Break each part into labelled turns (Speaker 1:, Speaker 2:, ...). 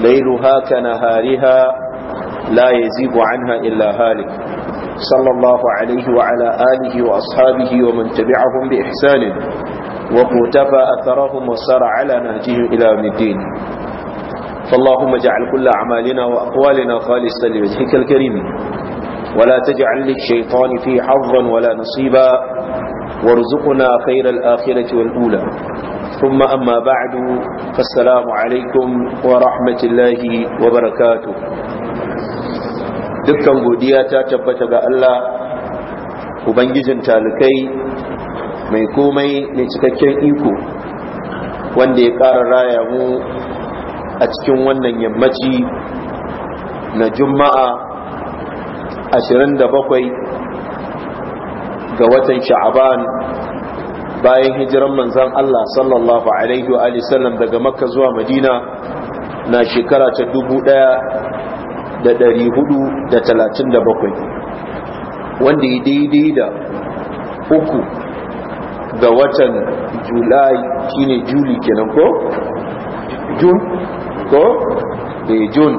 Speaker 1: ليلها كنهارها لا يزيب عنها إلا هالك صلى الله عليه وعلى آله وأصحابه ومن تبعهم بإحسان وقتفى أثرهم وسار على نهجهم إلى الدين فاللهم اجعل كل أعمالنا وأقوالنا خالصة لوجهك الكريم ولا تجعل للشيطان فيه حظا ولا نصيبا وارزقنا خير الآخرة والأولى ثم أما بعد alaikum wa ورحمة wa barakatu. dukkan godiya ta tabbata ga Allah ubangijin talikai mai komai ne cikakken iko wanda ya ƙara raya mu a cikin wannan yammaci na juma'a ashirin da bakwai ga watan sha'aban bayan hijiran manzan Allah sallallahu alaihi wa sallam daga makka zuwa madina na shekara ta 1437 wanda ya daidai da uku ga watan julai shine juli kenan ko? jun ko? eh jun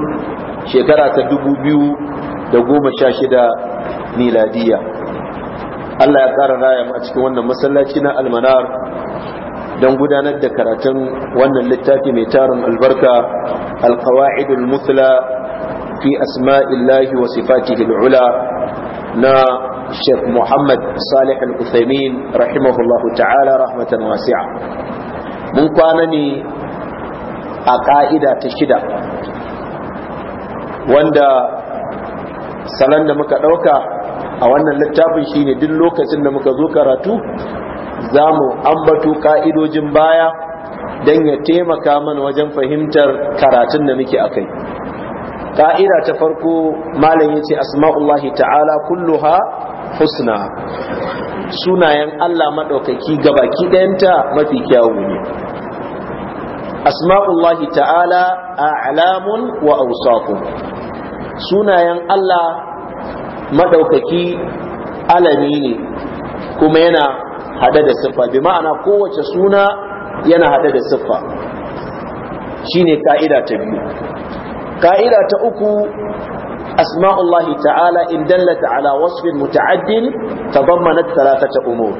Speaker 1: shekara ta 2016 miladiyya Allah ya ƙara raya a cikin wannan masallaci na almanar don gudanar da karatun wannan littafi mai tarin albarka alkawa'idul muthla fi asma'illahi wa sifatihi al'ula na Sheikh Muhammad Salih al rahimahullahu ta'ala rahmatan wasi'a mun kwana ne a ka'ida ta shida wanda salon da muka ɗauka a wannan littafin shine duk lokacin da muka zo karatu za mu ambato ka'idojin baya don ya taimaka mana wajen fahimtar karatun da muke a kai. ka'ida ta farko malam yace asma'ullahi ta'ala kulluha husna sunayen Allah maɗaukaki gabaki ɗayanta mafi kyawu ne asma'ullahi ta'ala a'lamun wa awsafun sunayen Allah madaukaki alami ne kuma yana hada da siffa bi ma'ana kowace suna yana hada da siffa shine ka'ida ta biyu ka'ida ta uku asma'ullahi ta'ala in dallata ala wasfin muta'addin tadammanat thalathata umur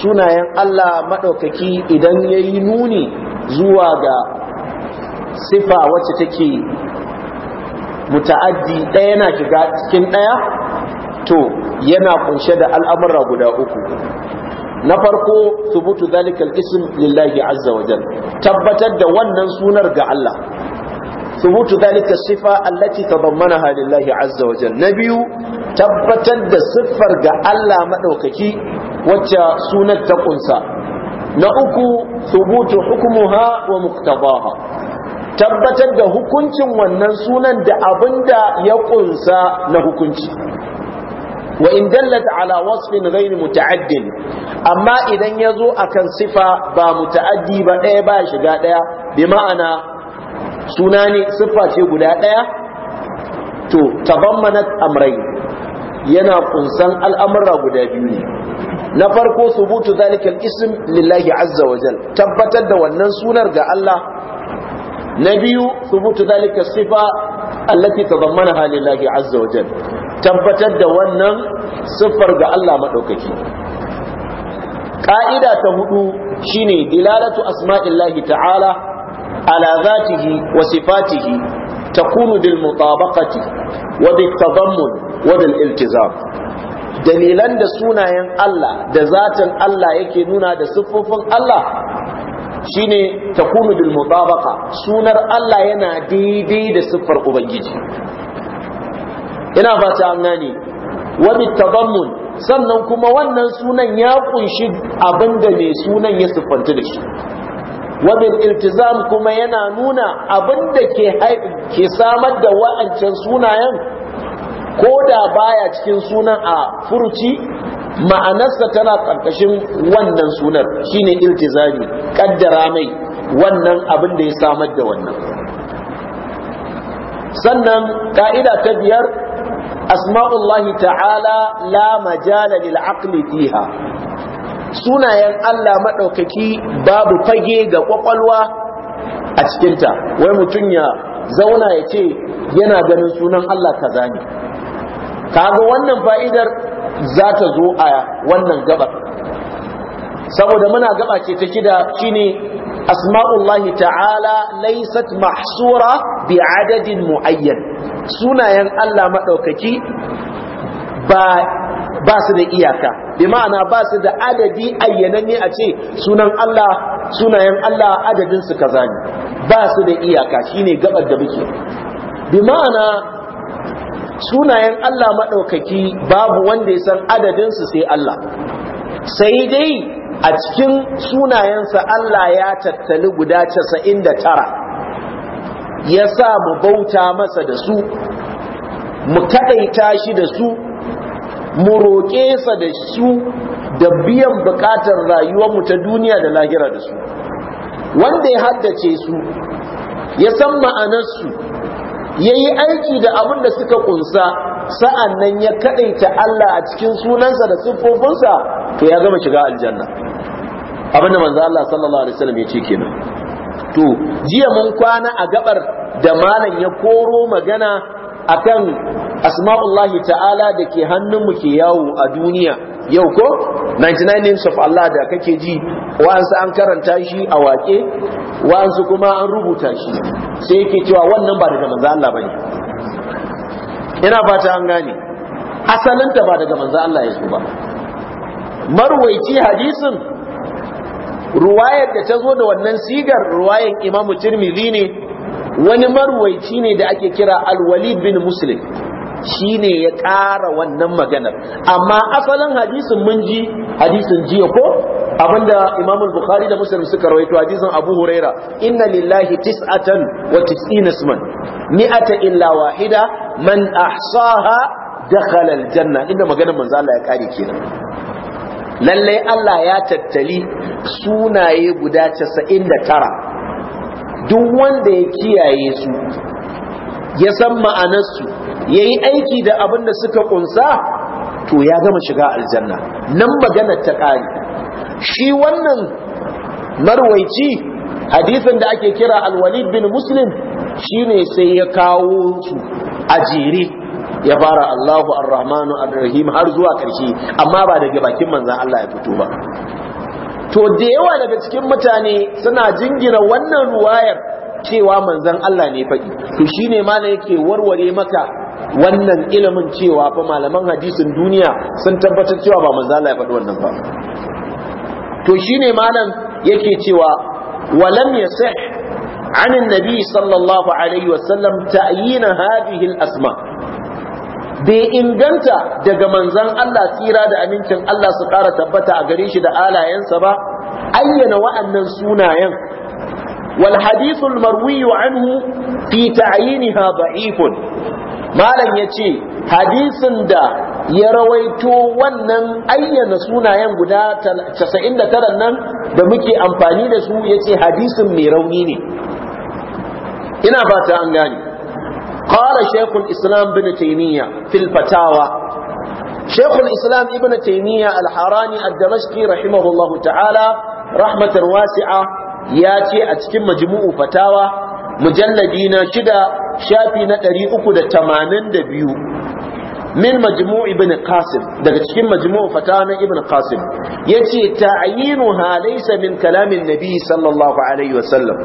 Speaker 1: sunayen Allah maɗaukaki idan ya yi nuni zuwa ga sifa wacce take muta'addi ɗaya yana shiga cikin ɗaya to yana kunshe da al'amura guda uku na farko subutu zalikal ism lillahi azza wa tabbatar da wannan sunar ga Allah subutu zalika sifa allati tadammanaha lillahi azza wa jal na biyu tabbatar da siffar ga Allah madaukaki wacce sunar ta kunsa na uku subutu hukmuha wa muqtadaha tabbatar da hukuncin wannan sunan da abinda ya kunsa na hukunci wa in dallata ala wasfin ghairi muta'addin amma idan yazo akan sifa ba muta'addi ba ɗaya ba shiga ɗaya bi ma'ana suna ne siffa ce guda ɗaya to tadammanat amrai yana kunsan al'amura guda biyu ne na farko subutu zalikal ism lillahi azza wa tabbatar da wannan sunar ga Allah na biyu thubutu zalika sifa allati tadammanaha lillahi azza wa jal tabbatar da wannan siffar ga Allah madaukaki Ƙa'ida ta hudu shine dilalatu asma'illahi ta'ala ala zatihi wa sifatihi takunu bil mutabaqati wa bit tadammun wa bil iltizam dalilan da sunayen Allah da zatin Allah yake nuna da siffofin Allah shine takunu bil mutabaqa sunar Allah yana daidai da siffar ubangiji ina fata an gane wa bitadammun sannan kuma wannan sunan ya kunshi abinda mai sunan ya siffanta da shi wa iltizam kuma yana nuna abinda ke ke samar da wa'ancan sunayen ko da baya cikin sunan a furuci ma'anarsa tana ƙarƙashin wannan sunar shine iltizami kaddara mai wannan abin da ya samar da wannan sannan ka'ida ta biyar asma'ullahi ta'ala la majala lil aqli fiha sunayen Allah madaukaki babu fage ga kwakwalwa a cikinta wai mutum ya zauna ya ce yana ganin sunan Allah kaza ne kaga wannan fa'idar za ta zo a wannan gabar saboda muna gaba ce ta kida shine asma'ullahi ta'ala laisat mahsura bi adadin muayyan sunayen Allah madaukaki ba ba su da iyaka bi ma'ana ba su da adadi ayyananne a ce sunan Allah sunayen Allah adadin su kaza ne ba su da iyaka shine gabar da muke bi ma'ana sunayen Allah maɗaukaki babu wanda ya san adadinsu sai Allah sai dai a cikin sunayensa Allah ya tattali guda casa'in da tara ya sa mu bauta masa da su mu kaɗaita shi da su mu roƙe sa da su da biyan buƙatar rayuwarmu ta duniya da lahira da su wanda ya haddace su ya san ma'anarsu ya yi aiki da abin da suka kunsa sa'an nan ya kaɗaita Allah a cikin sunansa da siffofinsa to ya gama shiga aljanna abin da manzo Allah sallallahu alaihi wasallam ya ce kenan to jiya mun kwana a gabar da malam ya koro magana akan asma'ullahi ta'ala da ke hannunmu ke yawo a duniya yau ko 99 names of Allah da kake ji wa'ansu an karanta shi a wake wa'ansu kuma an rubuta shi sai yake cewa wannan ba daga manzo Allah bane ina fata an gane asalinta ba daga manzo Allah ya zo ba marwaici hadisin ruwayar da ta zo da wannan sigar ruwayar Imam Tirmidhi ne wani marwaici ne da ake kira Al-Walid bin Muslim Shi ne ya ƙara wannan maganar amma asalin hadisin mun ji hadisin jiya ko abinda Imam Bukhari da Muslim suka rawaito hadisin Abu Huraira inna lillahi tis'atan wa tis'ina isman mi'ata illa wahida man ahsaha dakhala aljanna inda maganar manzo Allah ya kare kenan lallai Allah ya tattali sunaye guda 99 duk wanda ya kiyaye su ya san ma'anarsu ya yi aiki da abin da suka kunsa to ya gama shiga aljanna nan maganar ta ƙari shi wannan marwaici hadisin da ake kira alwalid bin muslim ne sai ya kawo su a jere ya fara Allahu Arrahmanu arrahim har zuwa ƙarshe amma ba da bakin manzan Allah ya fito ba to da yawa daga cikin mutane suna jingina wannan ruwayar cewa manzan Allah ne faɗi to shine ma yake warware maka wannan ilimin cewa fa malaman hadisin duniya sun tabbatar cewa ba maza Allah ya faɗi wannan ba to shine malam yake cewa walam yasih عن النبي صلى الله عليه وسلم تأيين هذه الأسماء bai inganta daga manzon Allah tsira da amincin Allah su ƙara tabbata a gare shi da alayensa ba ayyana wa'annan sunayen wal hadithul marwiyu anhu fi ta'yiniha da'ifun malam ya ce hadisin da ya rawaito wannan ayyana sunayen guda 99 nan da muke amfani da su ya ce hadisin mai rauni ne ina fata an gani ƙara shekul islam bin taimiyya fil fatawa shekul islam ibn taimiyya alharani al-damashki rahimahullahu ta'ala rahmatar wasi'a ya ce a cikin majmu'u fatawa mujalladi na shida shafi na ɗari 382 min majmu' ibn qasim daga cikin majmu' fatawa na ibn qasim yace ta'yinuha laysa min kalamin nabi sallallahu alaihi wasallam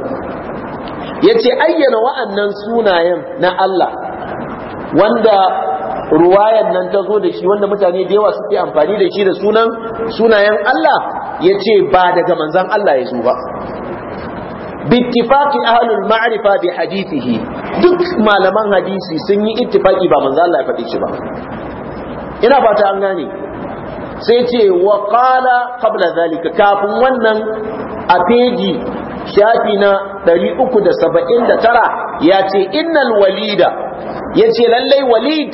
Speaker 1: yace ayyana wa'annan sunayen na Allah wanda ruwayan nan ta zo da shi wanda mutane da yawa suke amfani da shi da sunayen Allah yace ba daga manzon Allah ya zo ba bittifaqi ahlul ma'rifa bi hadithihi duk malaman hadisi sun yi ittifaqi ba manzo Allah ya shi ba ina fata an gane sai ce wa qala qabla zalika kafin wannan a feji shafi na 379 ya ce innal walida ya ce lallai walid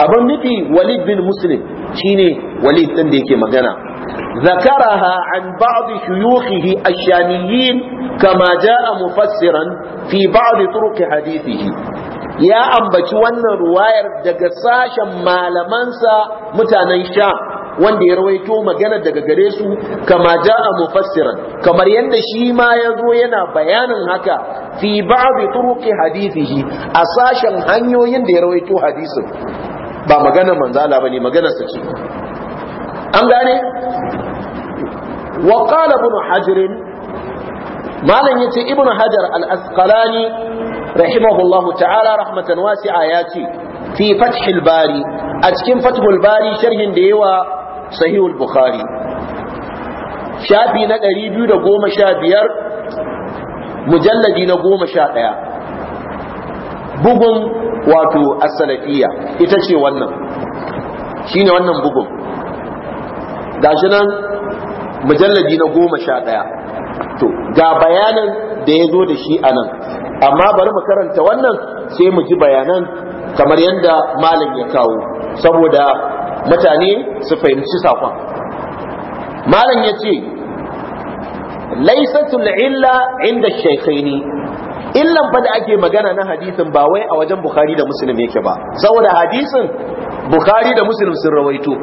Speaker 1: abin nufi walid bin muslim shine walid din da yake magana ذكرها an بعض شيوخه الشاميين كما جاء مفسرا في بعض طرق حديثه يا أنبتي وأن رواية دقساشا ما لمنسى متانا شام wanda ya rawaito magana daga gare su kama ja'a mufassiran kamar yadda shi ma ya yana bayanin haka fi ba'd turuqi hadithihi a sashen hanyoyin da ya rawaito hadisin ba magana manzala bane magana sa ce an wa qala ibn hajar malam yace ibn hajar al-asqalani rahimahullahu ta'ala rahmatan wasi'a yace fi fath al-bari a cikin fath bari sharhin da yawa sahih al-bukhari shafi na da 215 mujalladi na 11 bugun wato as-salafiyya ita ce wannan shine wannan bugun gashi nan mujalladi na goma sha ɗaya to ga bayanan da ya zo da shi a nan amma bari mu karanta wannan sai mu ji bayanan kamar yadda malam ya kawo saboda mutane su fahimci saƙon malam ya ce laisatul illa inda shaikhaini illan fa da ake magana na hadisin ba wai a wajen bukhari da muslim yake ba saboda hadisin bukhari da muslim sun rawaito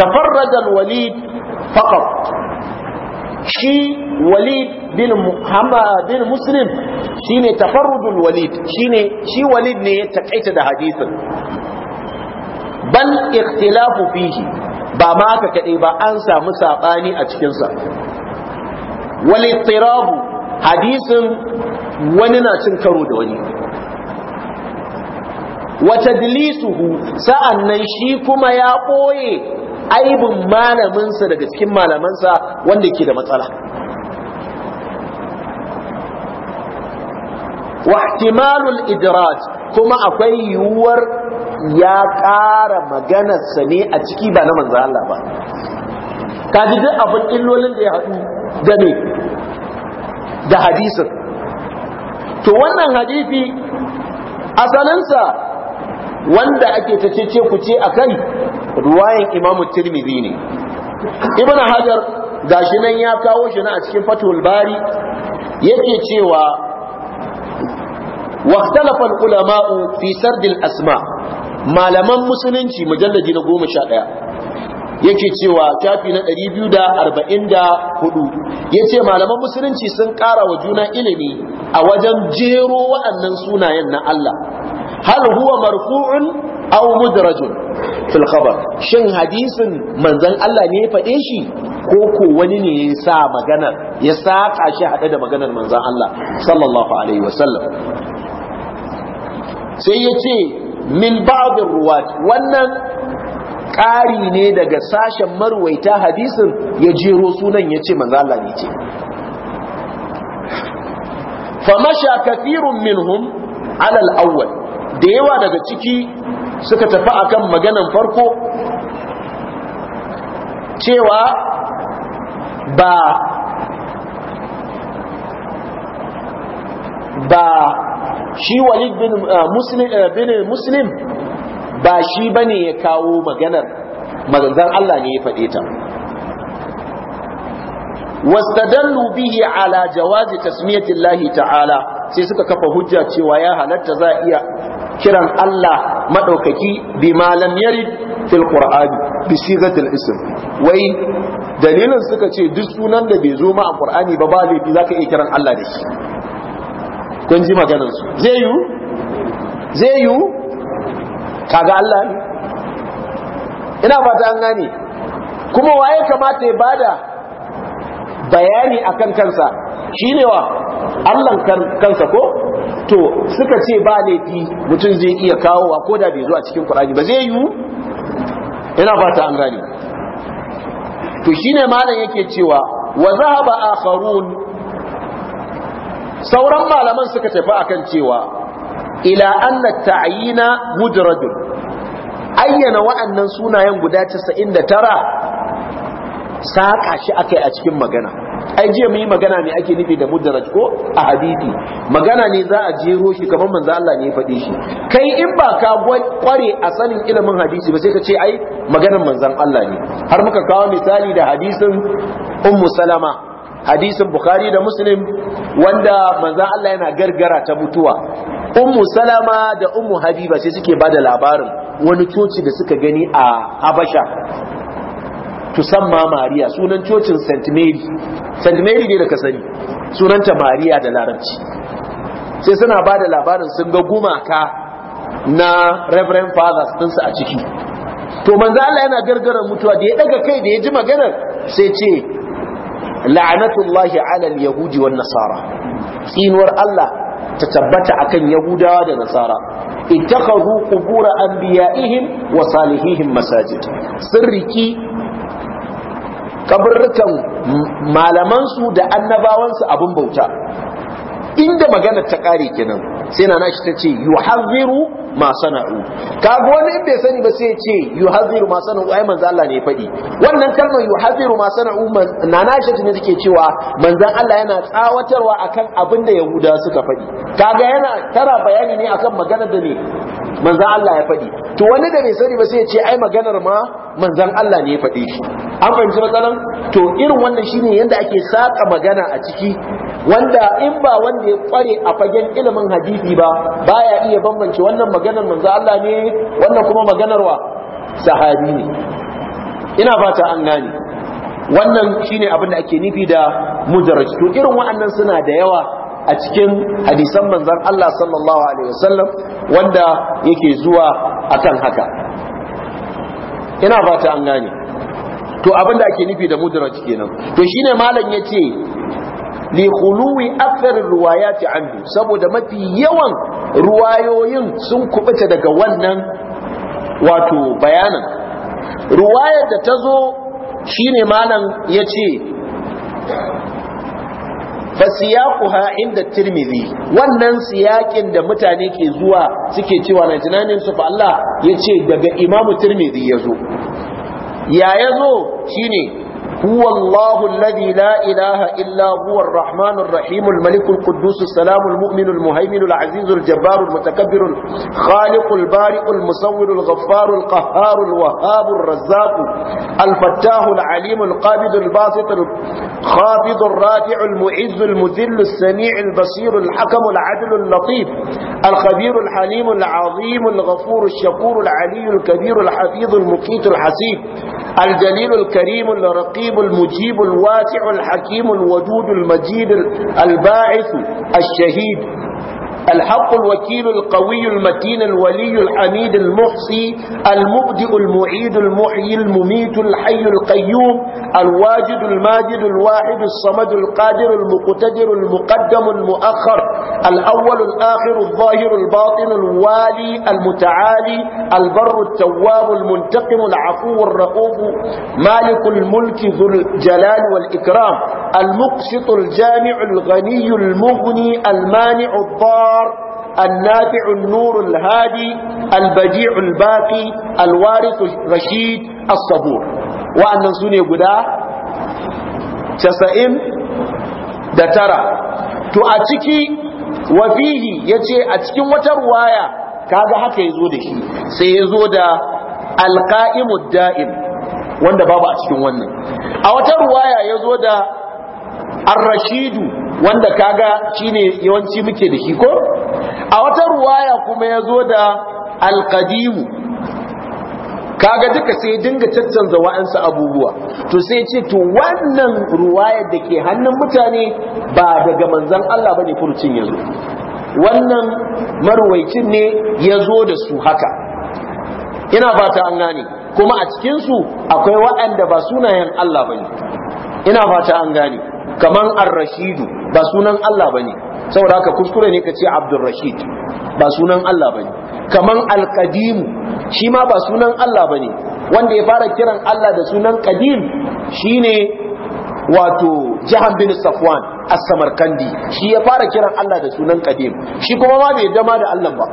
Speaker 1: tafarraja al-walid faqat shi walid bin muhammad bin muslim shine tafarrudul walid shi walid ne ya takaita da hadisin bal ikhtilafu fihi ba maka kaɗai ba an samu saɓani a cikinsa. sa wal hadisin wani na cin karo da wani wa tadlisuhu sa'annan shi kuma ya ɓoye. aibin malaminsa daga cikin malamansa wanda ke da matsala wahtimalul ihtimalul kuma akwai yiwuwar ya ƙara maganarsa ne a ciki ba na manzo Allah ba Ka ji duk abin illolin da ya haɗu da me da hadisin to wannan hadisi asalinsa wanda ake ta cece ku ce a kai ruwayan imamu tirmidhi ne ibn hajar gashi nan ya kawo shi na a cikin fatul bari yake cewa واختلف ulama'u fi سرد Asma, malaman musulunci mujalladi na goma sha ɗaya yake cewa shafi na 244 yace malaman musulunci sun ƙara wa juna ilimi a wajen jero waɗannan sunayen na Allah hal huwa marfu'un aw mudrajun fil khabar shin hadisin manzon Allah ne ya faɗe shi ko ko wani ne ya sa magana ya saka shi hade da maganar manzon Allah sallallahu alaihi wasallam sai yace min ba'd ruwat wannan ƙari ne daga sashen marwaita hadisin ya jero sunan ya ce manzala ne ce famasha kafirun minhum alal awwal da yawa daga ciki suka tafi a kan maganan farko cewa ba ba shi walid bin uh, muslim uh, ba shi bane ya kawo maganar manzon Allah ne ya faɗe ta wastadallu bihi ala jawazi tasmiyati Allah ta'ala sai suka kafa hujja cewa ya halatta za iya kiran Allah maɗaukaki bi malam yarid fil qur'ani bi sigatil ism wai dalilin suka ce duk sunan da bai zo ma a qur'ani ba ba za zaka iya kiran Allah da shi kun ji maganar su zai yu zai yu kaga Allah ne ina fata an gane kuma waye kamata ya bada bayani akan kansa shine wa Allah kansa ko to suka ce ba laifi mutum zai iya kawo ko da bai zo a cikin Qur'ani ba zai yiwu ina fata an gane to shine malam yake cewa wa zahaba akharun sauran malaman suka tafi akan cewa ila anna ta'yina mujradun ayyana wa'annan sunayen guda 99 saka shi akai a cikin magana ai je mu yi magana ne ake nufi da mudraj ko a hadisi magana ne za a jero shi kamar manzo Allah ne ya faɗi shi kai in ba ka kware a sanin ilimin hadisi ba sai ka ce ai maganar manzon Allah ne har muka kawo misali da hadisin ummu salama hadisin bukhari da muslim wanda manzan Allah yana gargara ta mutuwa ummu salama da ummu habiba sai suke bada labarin wani coci da suka gani a habasha tusamma mariya sunan cocin st mary st mary ne da ka sani sunanta mariya da larabci sai suna bada labarin sun ga gumaka na reverend fathers ɗinsu a ciki to manzo Allah yana gargara mutuwa da ya daga kai da ya ji maganar sai ce la'anatullahi ala al-yahudi wan nasara tsinuwar Allah ta tabbata akan yahudawa da nasara ittakhadhu qubur anbiya'ihim wa salihihim masajid sirriki kabrukan malaman malamansu da annabawansu abin bauta inda magana ta kare kenan sai na nashi tace yuhadhiru ma sana'u kaga wani in bai sani ba sai ya ce yuhaziru ma sana'u ai manzo Allah ne ya faɗi wannan kalmar yuhaziru ma sana'u na na shi ne suke cewa manzo Allah yana tsawatarwa akan abin da Yahuda suka faɗi kaga yana tara bayani ne akan maganar da ne manzo Allah ya faɗi to wani da bai sani ba sai ya ce ai maganar ma manzo Allah ne ya faɗi shi an fahimci matsalan to irin wannan shine yanda ake saka magana a ciki wanda in ba wanda ya kware a fagen ilimin hadisi ba baya iya bambance wannan maganar manzo Allah ne wannan kuma maganar wa sahabi ne ina fata an gane wannan shine abin da ake nufi da mudarraj to irin waɗannan suna da yawa a cikin hadisan manzon Allah sallallahu alaihi wasallam wanda yake zuwa akan haka ina fata an gane to abin da ake nufi da mudarraj kenan to shine malam yace li khuluwi akthar riwayat anhu saboda mafi yawan ruwayoyin sun kubuta daga wannan wato bayanin ruwayar da tazo shine malam yace fasiyaquha inda tirmidhi wannan siyakin da mutane ke zuwa suke cewa na jinanin su fa Allah yace daga imamu tirmidhi yazo ya yazo shine هو الله الذي لا إله إلا هو الرحمن الرحيم الملك القدوس السلام المؤمن المهيمن العزيز الجبار المتكبر الخالق البارئ المصور الغفار القهار الوهاب الرزاق الفتاح العليم القابض الباسط الخافض الرافع المعز المذل السميع البصير الحكم العدل اللطيف الخبير الحليم العظيم الغفور الشكور العلي الكبير الحفيظ المقيت الحسيب الجليل الكريم الرقيب المجيب الواسع الحكيم الودود المجيد الباعث الشهيد الحق الوكيل القوي المتين الولي الحميد المحصي المبدئ المعيد المحيي المميت الحي القيوم الواجد الماجد الواحد الصمد القادر المقتدر المقدم المؤخر الأول الآخر الظاهر الباطن الوالي المتعالي البر التواب المنتقم العفو الرؤوف مالك الملك ذو الجلال والإكرام المقسط الجامع الغني المغني المانع الضار الأبصار النافع النور الهادي البديع الباقي الوارث الرشيد الصبور وأن نسوني قدا تسائم دترى تؤتكي وفيه يتي أتكي وتروايا كذا حكى يزود شيء سيزود القائم الدائم wanda babu a cikin wannan a wata ruwaya ya zo da ar wanda kaga shine yawanci muke da shi ko a wata ruwaya kuma yazo da al kaga duka sai dinga caccanza wa'ansu abubuwa to sai ce to wannan ruwaya da ke hannun mutane ba daga manzon Allah bane furucin yazo wannan marwaicin ne yazo da su haka ina fata an gane kuma a cikin su akwai waɗanda ba sunayen Allah bane ina fata an gane kaman ar-rashidu ba sunan Allah bane saboda haka kuskure ne kace ce abdurrashid ba sunan Allah bane kaman al-qadim shi ma ba sunan Allah bane wanda ya fara kiran Allah da sunan qadim shine wato jahan bin safwan as-samarkandi shi ya fara kiran Allah da sunan qadim shi kuma ma bai dama da Allah ba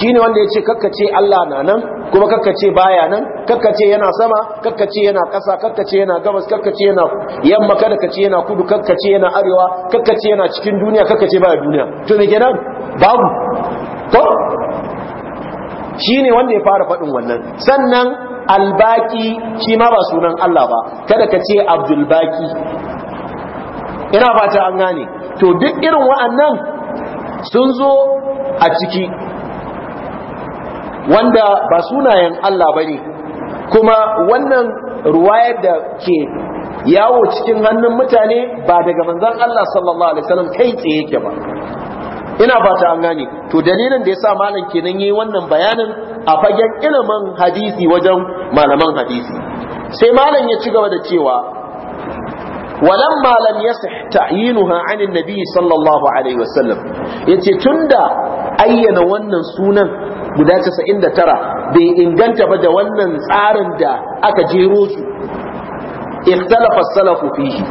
Speaker 1: Shi ne wanda ya ce kakkace Allah na nan kuma kakkace baya nan kakkace yana sama kakkace yana ƙasa kakkace yana gabas kakkace yana yamma kada kace yana kudu kakkace yana arewa kakkace yana cikin duniya kakkace baya duniya to me kenan babu to shine wanda ya fara faɗin wannan sannan albaki shi ma ba sunan Allah ba kada kace ce abdul baki ina fata an gane to duk irin wa'annan sun zo a ciki wanda ba sunayen Allah ba ne kuma wannan ruwayar da ke yawo cikin hannun mutane ba daga manzan Allah sallallahu alaihi wasallam kai tsaye yake ba ina ba ta an gane to dalilin da ya sa malam kenan yi wannan bayanin a fagen ilimin hadisi wajen malaman hadisi sai malam ya ci gaba da cewa ولما لم يصح anin nabi sallallahu alaihi wasallam ya ce tun da ayyana wannan sunan guda tara bai inganta ba da wannan tsarin da aka jero su ikhtalafa salafu fihi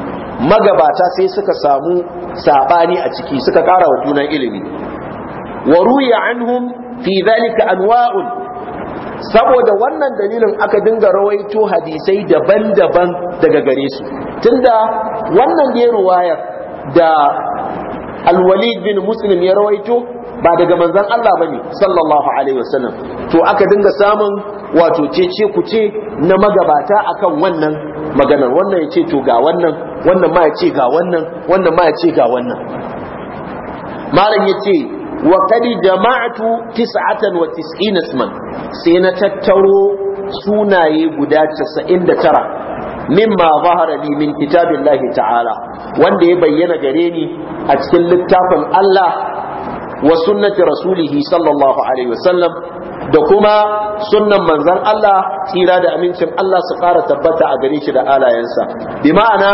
Speaker 1: magabata sai suka samu sabani a ciki suka kara wa juna ilimi wa ruya anhum fi dhalika anwa'un saboda wannan dalilin aka dinga rawaito hadisai daban-daban daga gare su tunda wannan ne ruwayar da al-walid bin muslim ya rawaito ba daga manzan Allah bane sallallahu alaihi wasallam to aka dinga samun wato cece ce na magabata akan wannan maganar wannan ya ce to ga wannan wannan ma ya ce ga wannan wannan ma ya ce ga wannan malam ya ce wa kadi jama'atu tis'atan wa tis'ina isman sai na tattaro sunaye guda 99 mimma zahara li min kitabillahi ta'ala wanda ya bayyana gare ni a cikin littafin Allah wa sunnati rasulihi sallallahu alaihi wasallam da kuma sunnan manzon Allah tsira da amincin Allah su kara tabbata a gare shi da alayensa bi ma'ana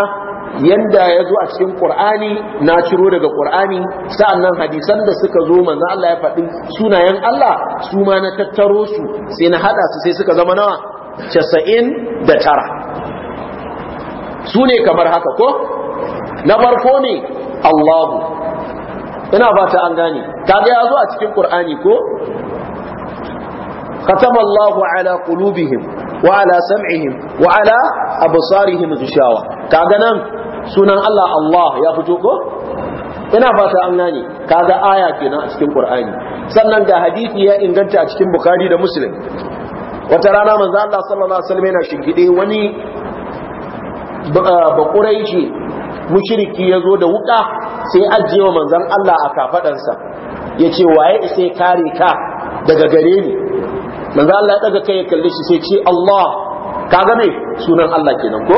Speaker 1: yanda ya zo a cikin Qur'ani na ciro daga Qur'ani sa'annan hadisan da suka zo manzo Allah ya faɗi sunayen Allah su ma na tattaro su sai na hada su sai suka zama nawa 99 su ne kamar haka ko na farko ne Allahu ina ba ta an gane kaga ya zo a cikin qur'ani ko katama Allahu ala qulubihim wa ala sam'ihim wa ala absarihim ghishawa kaga nan sunan Allah Allah ya fito ko ina ba ta an gane kaga aya kenan a cikin qur'ani sannan ga hadisi ya inganta a cikin bukhari da muslim wata rana manzo Allah sallallahu alaihi wasallam yana shingide wani bakurai ce mushriki ya zo da wuka sai ajiye wa manzan Allah a kafadansa ce waye sai kare ka daga gare ni manzan Allah ya daga kai ya kalle shi sai ce Allah ka gane sunan Allah kenan ko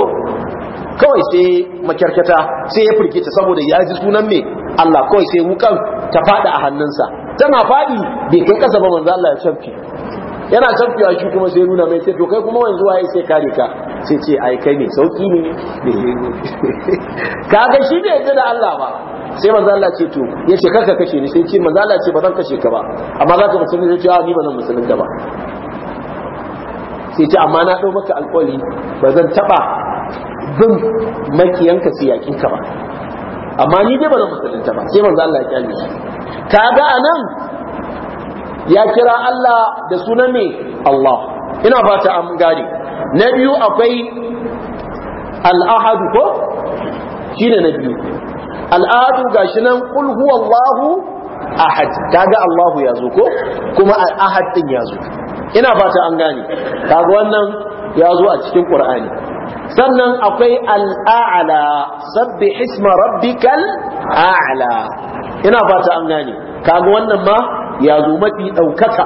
Speaker 1: kawai sai makyarkata sai ya firgita saboda ya ji sunan me Allah kawai sai wukan ta fada a hannunsa tana fadi bai kai kasa ba manzan Allah ya canfi yana canfiwa shi kuma sai nuna mai sai to kai kuma wanzu waye sai kare ka sai ce ai kai ne sauki ne Ka ga shi bai yarda da Allah ba sai manzo Allah ce to ya ce kanka kashe ni sai ce manzo Allah ce ba zan kashe ka ba amma zaka musulmi sai ce a ni ba zan da ba sai ce amma na dau maka alƙawari ba zan taba bin makiyanka su yakin ka ba amma ni dai ba zan musulunta ba sai manzo Allah ya kyale shi kaga anan ya kira Allah da sunan me Allah ina fata an gane na biyu akwai al-ahad ko shine na biyu al'adu ga shi nan qul huwallahu ahad kaga Allahu yazo ko kuma ahad ya yazo ina fata an gane kaga wannan ya yazo a cikin Qur'ani sannan akwai al'a'la sabbih isma rabbikal a'la ina fata an gane kaga wannan ma ya yazo mafi ɗaukaka?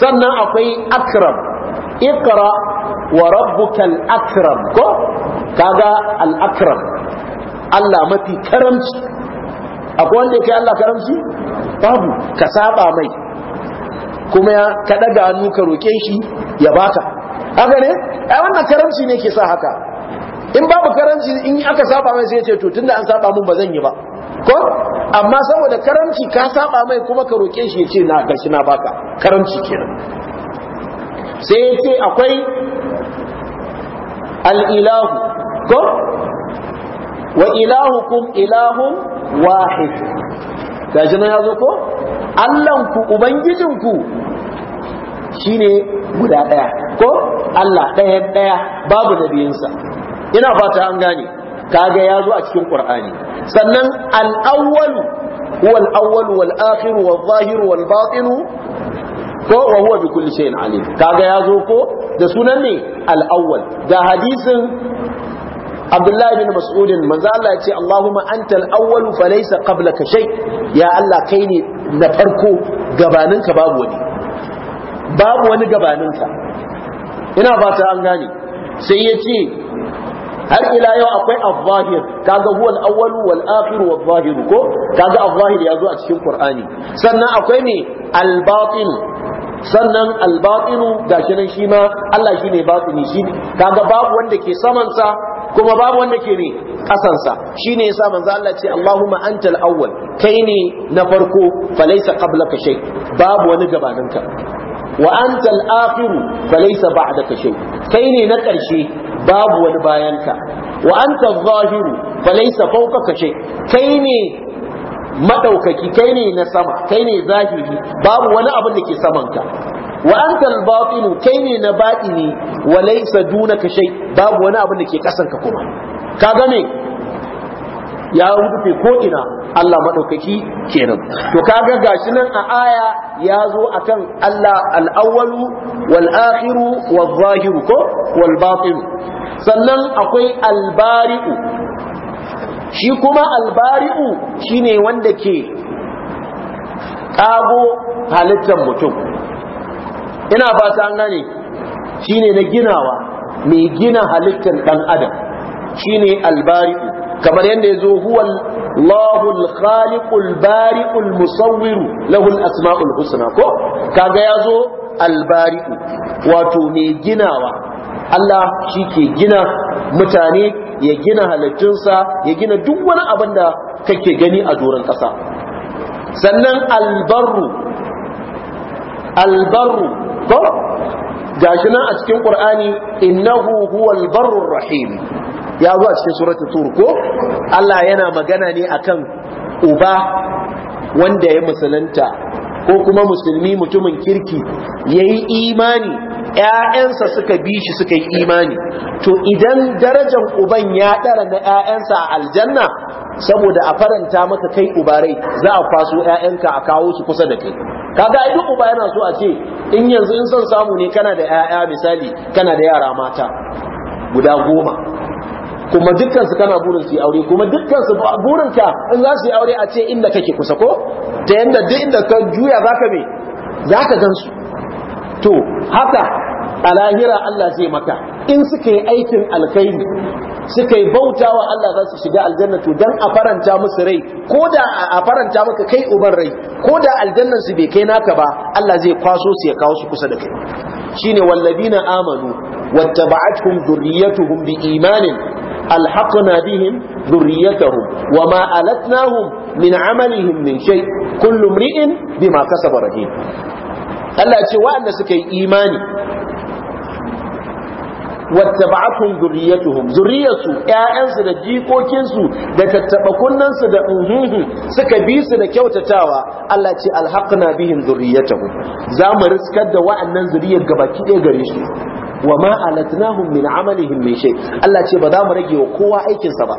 Speaker 1: sannan akwai akram Ikra wa rabbukal akram ko kaga al akram Allah mafi karamci akwai wanda ya kai Allah karamci babu ka saba mai kuma ya ka daga hannu ka roke shi ya baka haka ne ai wannan karamci ne ke sa haka in babu karamci in aka saba mai sai ya ce to tunda an saba mun ba zan yi ba ko amma saboda karamci ka saba mai kuma ka roke shi ya ce na gashi na baka karamci kenan sai ya ce akwai al'ilahu ko wa ilahukum ilahun wahid gashi na ya zo ko Allahnku ubangijinku shine guda ɗaya ko Allah ɗaya ɗaya babu nabiyinsa ina fata an gane kaga ya zo a cikin Qur'ani sannan al'awwal, awwal huwa awwal wal akhir wa zahir wal batin ko wa huwa bi kulli shay'in alim kaga ya zo ko da sunan ne al'awwal, da hadisin abdullahi bin mas'udin manzo Allah ya ce Allahumma antal awwal fa laysa qablaka shay ya Allah kai ne na farko gabaninka babu wani babu wani gabaninka ina fata an gane sai ya ce har ila yau akwai al-zahir kaga huwa al-awwal wal akhir wal zahir ko kaga al-zahir yazo a cikin qur'ani sannan akwai ne al-batin sannan al-batinu gashi nan shi ma Allah shine batini shi kaga babu wanda ke saman sa kuma babu wanda ke ne kasansa shine yasa manzo Allah ce Allahumma antal awwal kai ne na farko falaysa qablaka shay babu wani gabaninka wa antal akhiru falaysa ba'daka shay kai ne na ƙarshe babu wani bayanka wa antal zahiru falaysa fawqaka shay kai ne madaukaki kai ne na sama kai ne zahiri babu wani abin da ke samanka wa anta al-batil kai ne na batini wa laysa dunaka shay babu wani abin da ke kasan ka kuma ga me ya rufe ko ina Allah madaukaki kenan to kaga gashi nan a aya ya zo akan Allah al-awwalu wal akhiru wal zahiru ko wal batin sannan akwai al-bari'u shi kuma al-bari'u shine wanda ke kago halittar mutum ina fata an gane shine na ginawa mai gina halittar ɗan adam shine albari'u kamar yadda ya zo huwa Allahul bari'ul musawwiru lahul asma'ul husna ko kaga ya zo albari'u wato mai ginawa Allah shi ke gina mutane ya gina halittunsa ya gina duk wani abin da kake gani a doron ƙasa sannan albarru albarru ko gashi nan a cikin qur'ani innahu huwal barrur rahim ya zo a cikin surati tur ko Allah yana magana ne akan uba wanda ya musulunta ko kuma musulmi mutumin kirki yayi imani ‘ya'yansa suka bi shi suka yi imani, to idan darajar uban ya ɗara na ‘ya'yansa a aljanna, saboda a faranta maka kai ubarai za a kwaso ‘ya'yanka a kawo su kusa da kai. Kaga idan duk uba yana so a ce in yanzu in son samu ne kana da 'ya'ya misali kana da yara mata guda goma kuma dukkan su kana burin su yi aure kuma dukkan su burin ka in za su yi aure a ce inda kake kusa ko ta yanda duk inda ka juya zaka me zaka su? to haka a lahira Allah zai maka in suka yi aikin alkhairi suka yi bautawa Allah za su shiga aljannatu dan a faranta musu rai ko da a faranta maka kai uban rai ko da aljannan su bai kai naka ba Allah zai kwaso su ya kawo su kusa da kai shine walladina amanu wattaba'atuhum dhurriyyatuhum biimanin alhaqna bihim dhurriyyatahum wama alatnahum min amalihim min shay kullu imri'in bima kasaba rahim Allah ya ce waɗanda suka yi imani wattaba'atuhum dhurriyyatuhum zuriyarsu 'ya'yansu da jikokinsu da tattaba da uhuhu suka bi su da kyautatawa Allah ce alhaqna bihim dhurriyyatuhum za mu riskar da wa'annan zuriyar gabaki ɗaya gare su wa ma alatnahum min amalihim min shay Allah ce ba za mu rage wa kowa aikinsa ba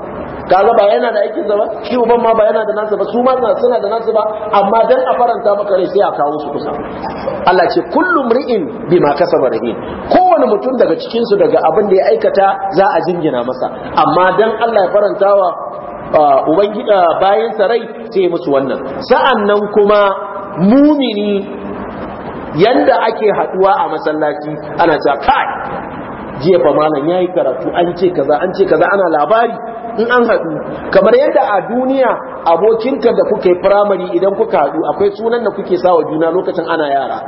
Speaker 1: kaga ba yana da aikin zama, ba shi uban ma ba yana da nasa ba su ma suna da nasa ba amma dan a faranta maka rai sai a kawo su kusa Allah ce kullum ri'in bima kasaba rahin kowane mutum daga cikin su daga abin da ya aikata za a jingina masa amma dan Allah ya faranta wa uh, ubangida uh, bayan sa rai sai musu wannan sa'annan kuma mumini yanda ake haduwa a masallaci ana cewa kai jiya fa malam yayi karatu an ce kaza an ce kaza ana labari in an haɗu kamar yadda a duniya abokinka da kuka yi firamare idan kuka haɗu akwai sunan da kuke sawa juna lokacin ana yara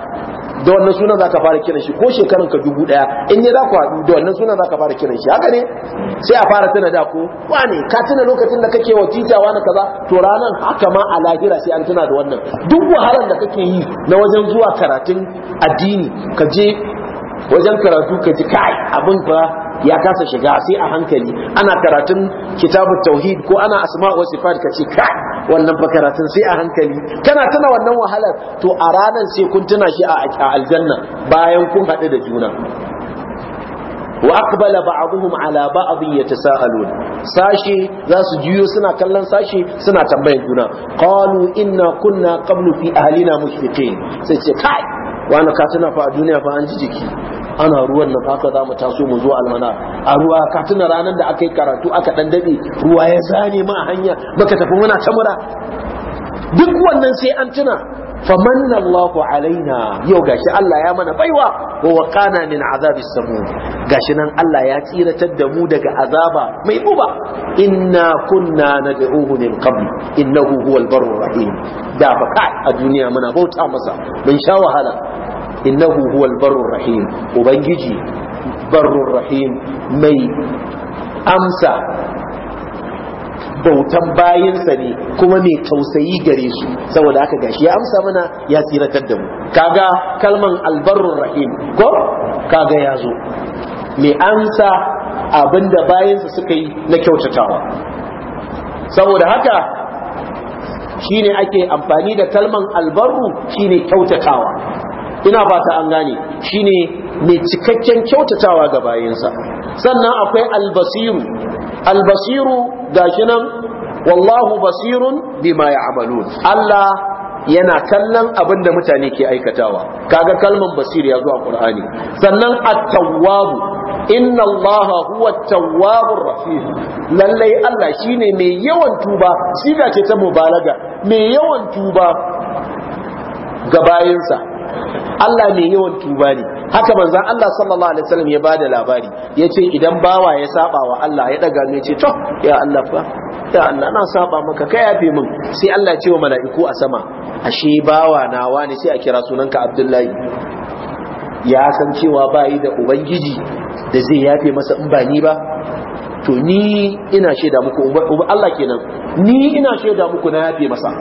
Speaker 1: da wannan sunan za ka fara kiran shi ko shekaran ka dubu ɗaya in ya za ku haɗu da wannan sunan za ka fara kiran shi haka ne sai a fara tuna da ku wane ka tuna lokacin da kake wa tita wani kaza to ranan haka ma a lahira sai an tuna da wannan duk wahalar da kake yi na wajen zuwa karatun addini ka je wajen karatu ka ji kai abin fa ya kasa shiga sai a hankali ana karatun kitabun tauhid ko ana asma wa sifat ka ce kai wannan fa karatun sai a hankali kana tana wannan wahalar to a ranar sai kun tuna shi a aljanna bayan kun haɗu da juna wa aqbala ba'dhum ala ba'd yatasaalun sashi za su juyo suna kallon sashi suna tambayar juna qalu inna kunna qablu fi ahlina mushfiqin sai ce kai wani ka tana fa a duniya fa an ji jiki ana ruwan nan haka za mu taso mu zo almana a ruwa ka tuna ranar da aka yi karatu aka dan daɗe ruwa ya zane ma hanya baka tafi muna ta mura duk wannan sai an tuna famanna Allahu alaina yau gashi Allah ya mana baiwa wa waqana min azabis samum gashi nan Allah ya tsiratar da mu daga azaba mai buba inna kunna nad'uhu min qabl innahu huwal barrur rahim da fa a duniya muna bauta masa mun sha wahala innahu huwal barur rahim ubangiji barur rahim mai amsa bautan bayinsa ne kuma mai tausayi gare su saboda haka gashi ya amsa mana ya tsiratar da mu kaga kalman albarrun rahim ko kaga ya zo mai amsa abinda bayinsa suka yi na kyautatawa saboda haka shine ake amfani da kalman albarru shine kyautatawa ina fata an gane shine mai cikakken kyautatawa ga bayansa. sannan akwai albasiru albasiru gashi nan wallahu basirun bima ya'malun Allah yana kallon abin da mutane ke aikatawa kaga kalman basir ya zo a Qur'ani sannan at-tawwabu inna Allah huwa tawwabur rahim lallai Allah shine mai yawan tuba siga ce ta mubalaga mai yawan tuba ga bayinsa Allah mai yawan tuba ne haka manzon Allah sallallahu alaihi wasallam ya bada labari yace idan bawa ya saba wa Allah ya daga ne yace to ya Allah fa ya Allah na saba maka kai yafe min sai Allah ya ce wa mala'iku a sama ashe bawa nawa ne sai a kira sunanka Abdullahi ya san cewa bayi da ubangiji da zai yafe masa in ba ni ba to ni ina shaida muku Allah kenan ni ina shaida muku na yafe masa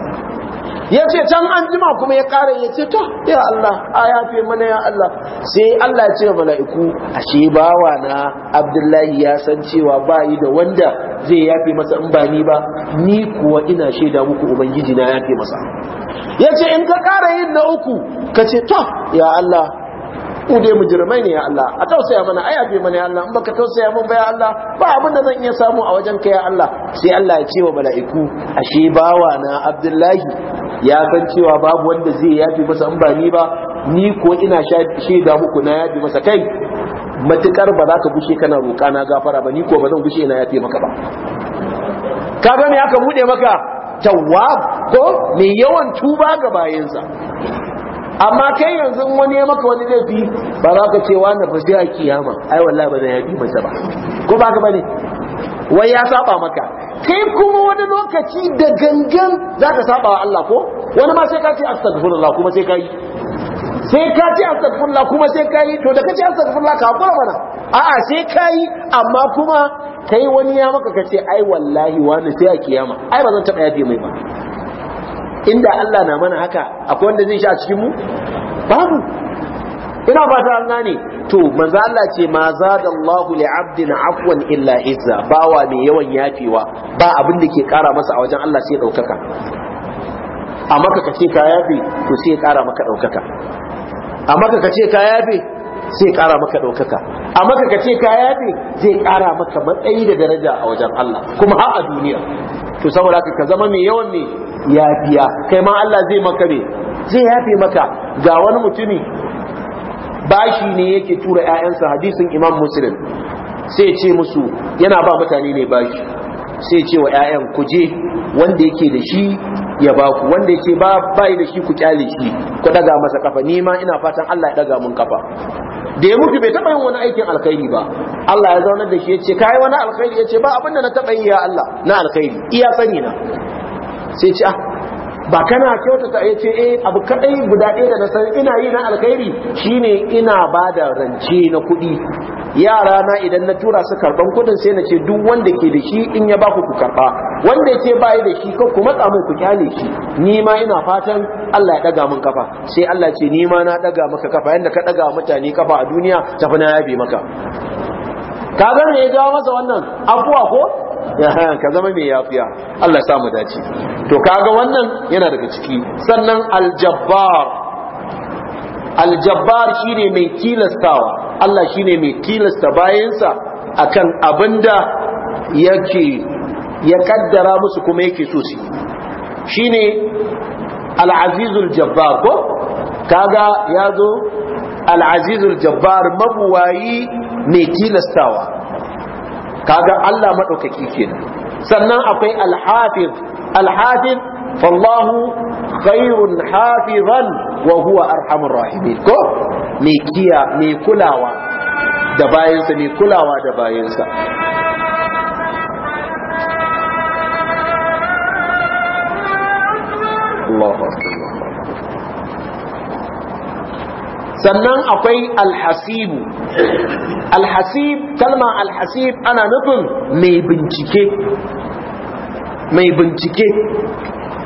Speaker 1: ya ce can an jima kuma ya ƙara ya ce to ya Allah a yafe mana ya Allah sai Allah ya ce mala'iku ashe bawa na Abdullahi ya san cewa ba yi da wanda zai yafe masa in ba ni ba ni kuwa ina shaida muku ubangiji na yafe masa ya ce in ka ƙara yin na uku ka ce to ya Allah mu dai mujrimai ne ya Allah a tausaya mana ai abe mana ya Allah in baka tausaya mun ba ya Allah ba abin da zan iya samu a wajen ka ya Allah sai Allah ya ce wa mala'iku ashe bawa na Abdullahi ya san cewa babu wanda zai yafi masa in ba ni ba ni ko ina shaida muku na yafi masa kai matukar ba za ka bushe kana roƙa na gafara ba ni ko ba zan gushe na yafi maka ba ka ga me aka bude maka tawwab ko me yawan tuba ga bayinsa. amma kai yanzu wani ya maka wani laifi ba za ka ce wani ba sai a kiyama ai wallahi ba zai yafi mace ba ko ba ka bane wai ya saba maka kai kuma wani lokaci da gangan za ka saba wa Allah ko wani ma sai ka ce astaghfirullah kuma sai ka yi sai ka ce astaghfirullah kuma sai ka yi to da ka ce astaghfirullah ka hakura mana a'a sai ka yi amma kuma kai wani ya maka ka ce ai wallahi wani sai a kiyama ai ba zan taba yafe mai ba inda Allah na mana haka akwai wanda zai sha a cikin mu babu ina ba ta gane to manzo Allah ce ma zadallahu li abdin afwan illa izza bawa mai yawan yafewa ba abin da ke kara masa a wajen Allah sai daukaka amma ka kace ka yafe to sai kara maka daukaka amma ka kace ka yafe sai kara maka daukaka amma ka kace ka yafe zai kara maka matsayi da daraja a wajen Allah kuma har a duniya to saboda haka ka zama mai yawan ne yafiya kai ma Allah zai maka ne zai yafe maka ga wani mutumi bashi ne yake tura ƴaƴansa hadisin Imam Muslim sai ce musu yana ba mutane ne bashi sai ce wa ƴaƴan ku je wanda yake da shi ya ba ku wanda yake ba bai da shi ku kyale shi ku daga masa kafa ni ma ina fatan Allah ya daga mun kafa da ya mutu bai taba yin wani aikin alkhairi ba Allah ya zaunar da shi ya ce kai wani alkhairi ya ce ba abinda na taba yi ya Allah na alkhairi iya sani na sai ce ah ba kana kyautata ya ce eh abu kadai guda ɗaya da na san ina yi na alkhairi shine ina bada rance na kuɗi yara na idan na tura su karban kuɗin sai na ce duk wanda ke da shi in ya baku ku karba wanda ya ce bai da shi ko kuma matsa ku kyale shi ni ma ina fatan Allah ya daga min kafa sai Allah ce ni ma na daga maka kafa yanda ka daga mutane kafa a duniya tafi na yabe maka kaga ne ya jawo masa wannan abuwa ko ka zama mai yafiya Allah ya samu dace to kaga wannan yana daga ciki sannan aljabbar aljabbar shine mai tilastawa Allah shine mai tilasta bayansa akan abinda yake ya kaddara musu kuma yake so su shine al jabbar ko kaga yazo al jabbar mabuwayi mai kilastawa kaga Allah madaukaki kenan sannan akwai al-hafiz al-hafiz khairun hafizan wa huwa arhamur rahimin sannan akwai alhasibu alhasib kalma alhasib ana nufin mai bincike mai bincike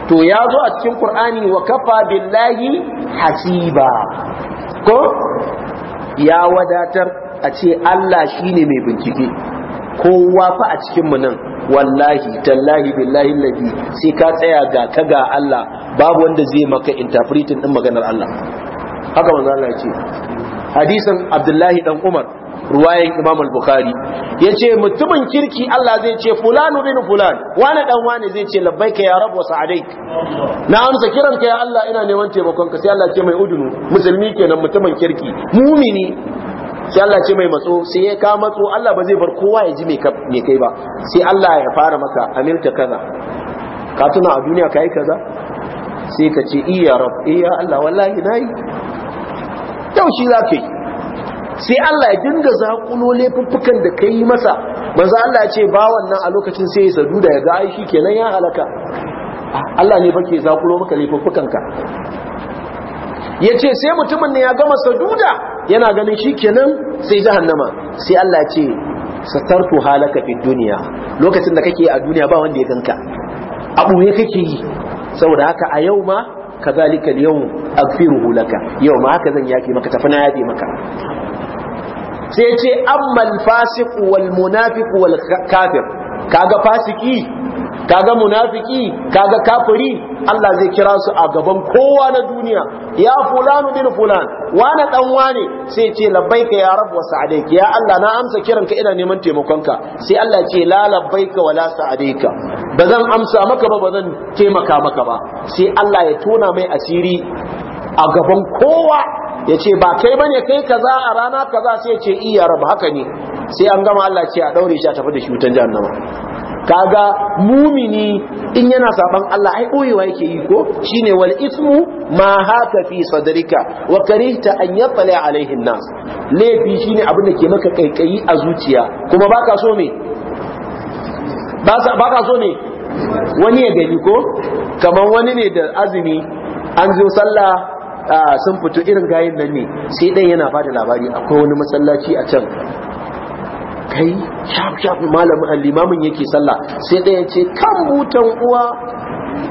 Speaker 1: to ya zo a cikin qur'ani wa kafa billahi hasiba ko ya wadatar a ce Allah shine mai bincike kowa fa a cikin mu nan wallahi tallahi billahi ladi sai ka tsaya ga ka ga Allah babu wanda zai maka interpreting din maganar Allah haka manzo Allah ya ce hadisin Abdullahi dan Umar ruwayan Imam al-Bukhari yace mutumin kirki Allah zai ce fulanu bin fulan wani dan wani zai ce labbaika ya rabu sa'adaik na amsa kiranka ya Allah ina neman taimakon ka sai Allah ce mai udunu musulmi kenan mutumin kirki mumini sai Allah ce mai matso sai ya ka matso Allah ba zai bar kowa ya ji mai kai ba sai Allah ya fara maka amilta kaza ka tuna a duniya kai kaza sai ka ce iya rab iya eh Allah wallahi nayi kyau shi za ka yi sai Allah ya dinga zakulo laifuffukan da ka yi masa maza Allah ya ce ba wannan a lokacin sai ya sadu da ya ga ai kenan ya halaka ah, Allah ne bake zakulo maka laifuffukan ka ce sai mutumin ne ya gama saduda yana ganin shi kenan sai jahannama sai Allah ya ce satartu halaka fi duniya lokacin da kake a duniya ba wanda ya ganka abu ne kake yi saboda haka a yau ma kadhalika al-yawm aghfiruhu laka yau ma haka zan yafe maka tafi na yafe maka sai ce amma al-fasiq wal munafiq wal kafir kaga fasiki kaga munafiki kaga kafiri Allah zai kira su a gaban kowa na duniya ya fulanu bin fulan wani dan wane sai labbaika ya rabb wa sa'adaika ya Allah na amsa kiranka ina neman taimakon ka, sai Allah ce lalabai ka wala sa'adaika ba zan amsa maka ba ba zan taimaka maka ba sai Allah ya tona mai asiri a gaban kowa ya ce ba kai bane kai kaza a rana kaza sai ce iya rab haka ne sai an gama Allah ce a daure shi a tafi da shi wutan jahannama kaga mumini in yana saban Allah ai boyewa yake yi ko shine wal ismu ma haka fi sadrika wa karihta an yatla alaihi nas laifi shine abin da ke maka kaikayi a zuciya kuma baka so me baka so ne wani ya gani ko kamar wani ne da azumi an zo sallah sun fito irin gayin nan ne sai dan yana ba labari akwai wani masallaci a can kai shaf shaf malamin limamin yake sallah sai ɗaya ce kan butan uwa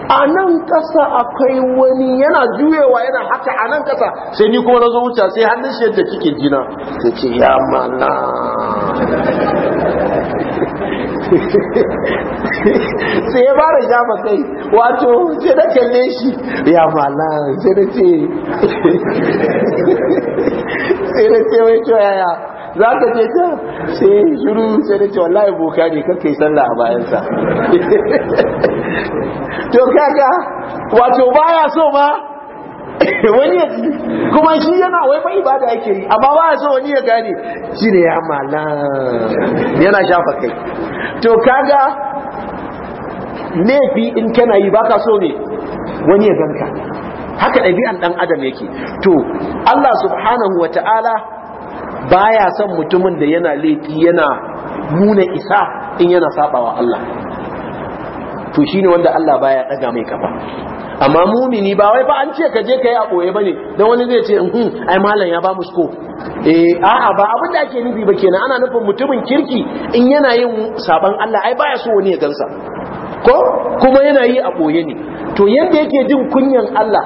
Speaker 1: a nan ƙasa akwai wani yana juyewa yana haka a nan ƙasa sai ni kuma na zo wuce sai hannun shi yadda kike jina sai ce ya mana sai ya fara shafa kai wato sai na kalle shi ya mala sai na ce sai na ce wai to yaya za ka ce ta sai shiru sai na ce wallahi boka ne kar kai sallah a bayansa to kaga wato baya so ba wani ya kuma shi yana wai fa ibada yake yi amma ba so wani ya gane shi ne ya malam yana shafa kai to kaga laifi in kana yi baka so ne wani ya ganka haka ɗabi'an ɗan adam yake to Allah subhanahu wa ta'ala baya son mutumin da yana laifi yana nuna isa in yana saɓawa Allah to shine wanda Allah baya daga mai kafa amma mumini ba wai ba an ce ka je ka yi a ɓoye bane ne wani zai ce hmm ai malam ya ba mu sko eh a'a ba abin da ake nufi ba kenan ana nufin mutumin kirki in yana yin sabon Allah ai baya so wani ya gansa ko kuma yana yi a ɓoye ne to yadda yake jin kunyan Allah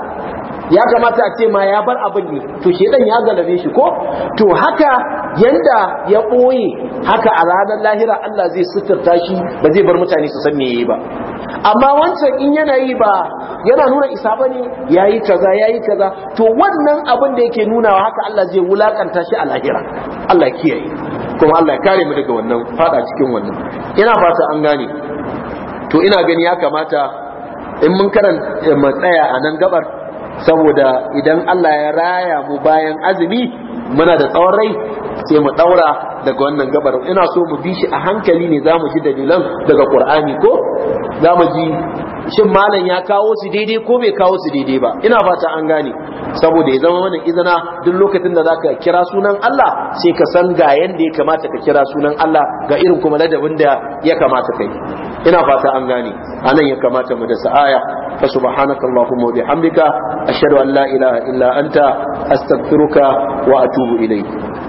Speaker 1: ya kamata a ce ma ya bar abin ne to dan ya galabe shi ko to haka yanda ya boye haka a ranar lahira Allah zai suturta shi ba zai bar mutane su san me ba amma wancan in yana yi ba yana nuna isa ba bane yi kaza ya yi kaza to wannan abin da yake nunawa haka Allah zai wulakanta shi a lahira Allah kiyaye kuma Allah ya kare mu daga wannan fada cikin wannan ina fata an gane to ina gani ya kamata in mun karanta matsaya a nan gabar saboda idan Allah ya raya mu bayan azumi muna da tsawon rai sai mu daura daga wannan gabar ina so mu bi shi a hankali ne za mu ji dalilan daga ƙur'ani ko za mu ji shin malam ya kawo su daidai ko bai kawo su daidai ba ina fata an gane saboda ya zama mana izana duk lokacin da zaka kira sunan Allah sai ka san ga yanda ya kamata ka kira sunan Allah ga irin kuma ladabin da ya kamata kai ina fata an gane anan ya kamata mu da sa'aya fa subhanaka allahumma wa bihamdika ashhadu an la ilaha illa anta astaghfiruka wa atubu ilayk